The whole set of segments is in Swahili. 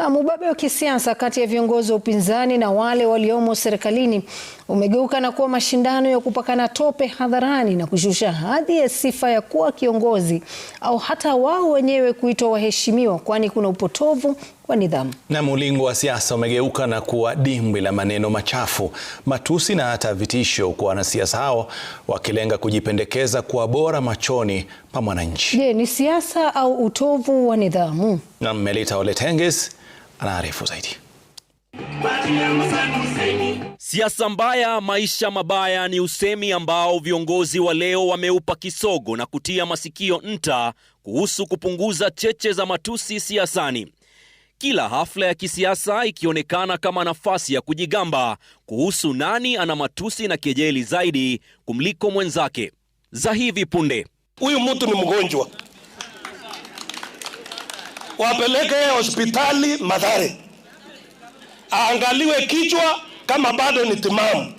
Na ubabe wa kisiasa kati ya viongozi wa upinzani na wale waliomo serikalini umegeuka na kuwa mashindano ya kupakana tope hadharani na kushusha hadhi ya sifa ya kuwa kiongozi au hata wao wenyewe kuitwa waheshimiwa, kwani kuna upotovu wa nidhamu. Na ulingo wa siasa umegeuka na kuwa dimbwi la maneno machafu, matusi na hata vitisho kwa wanasiasa hao, wakilenga kujipendekeza kuwa bora machoni pa mwananchi. Je, ni siasa au utovu wa nidhamu? Na Melita Oletenges anaarifu zaidi. Siasa mbaya, maisha mabaya ni usemi ambao viongozi wa leo wameupa kisogo na kutia masikio nta kuhusu kupunguza cheche za matusi siasani. Kila hafla ya kisiasa ikionekana kama nafasi ya kujigamba kuhusu nani ana matusi na kejeli zaidi kumliko mwenzake. Za hivi punde, huyu mtu ni mgonjwa, wapeleke hospitali madhare aangaliwe kichwa kama bado ni timamu.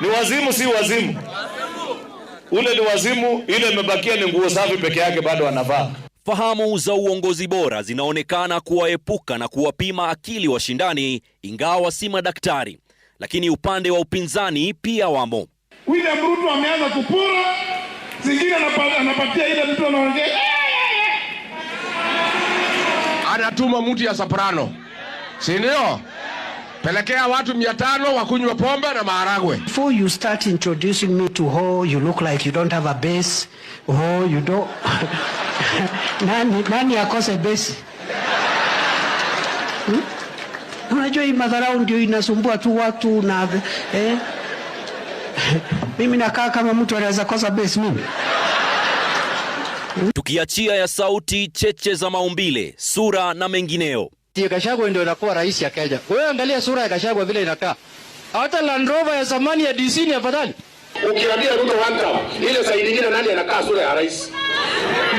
Ni wazimu, si wazimu? Ule ni wazimu, ile imebakia ni nguo safi peke yake, bado anavaa. Fahamu za uongozi bora zinaonekana kuwaepuka na kuwapima akili washindani, ingawa si madaktari, lakini upande wa upinzani pia wamo. William Ruto ameanza kupura zingine, anapatia ile mtu anaongea anatuma mtu ya soprano, si ndio? Pelekea watu mia tano wakunywe pombe na maharagwe. Before you start introducing me to ho, you look like you don't have a base. Ho, you don't... Nani, nani akose base? Hmm? Unajua hii madharau ndio inasumbua tu watu na eh? Mimi nakaa kama mtu anaweza kosa base mimi. Tukiachia ya sauti, cheche za maumbile, sura na mengineo, Gachagua ndio inakuwa rais ya Kenya. Wewe angalia sura ya Gachagua vile inakaa, hata Land Rover ya zamani ya DC ni afadhali. Ukiambia Ruto ile saa nyingine nani anakaa sura ya rais?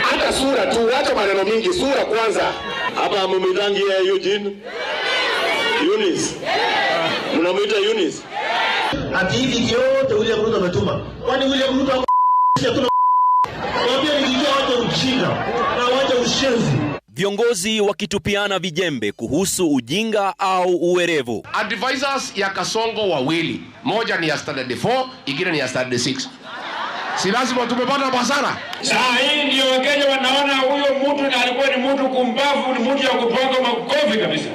Hata sura tu, wacha maneno mingi, sura kwanza. Hapa mumidangi ya Eugene Yunis, mnamuita Yunis ati hivi kiote William Ruto ametuma, kwani William Ruto kushinda na waje ushenzi. Viongozi wakitupiana vijembe kuhusu ujinga au uwerevu. Advisors ya Kasongo wawili, moja ni ya standard 4, ingine ni ya standard 6. Si lazima tumepata basara Saa hii ndio Wakenya wanaona huyo mtu na alikuwa ni mtu kumbavu, ni mtu ya kupanga makofi kabisa.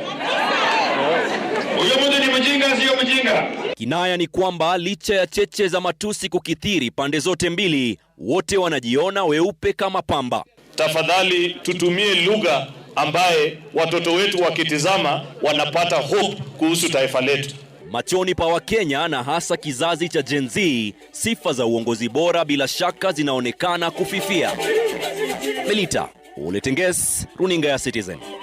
Huyo mtu ni mjinga, sio mjinga. Kinaya ni kwamba licha ya cheche za matusi kukithiri pande zote mbili, wote wanajiona weupe kama pamba. Tafadhali tutumie lugha ambaye watoto wetu wakitizama wanapata hope kuhusu taifa letu. Machoni pa Wakenya na hasa kizazi cha Gen Z, sifa za uongozi bora bila shaka zinaonekana kufifia. Melita Oletenges, runinga ya Citizen.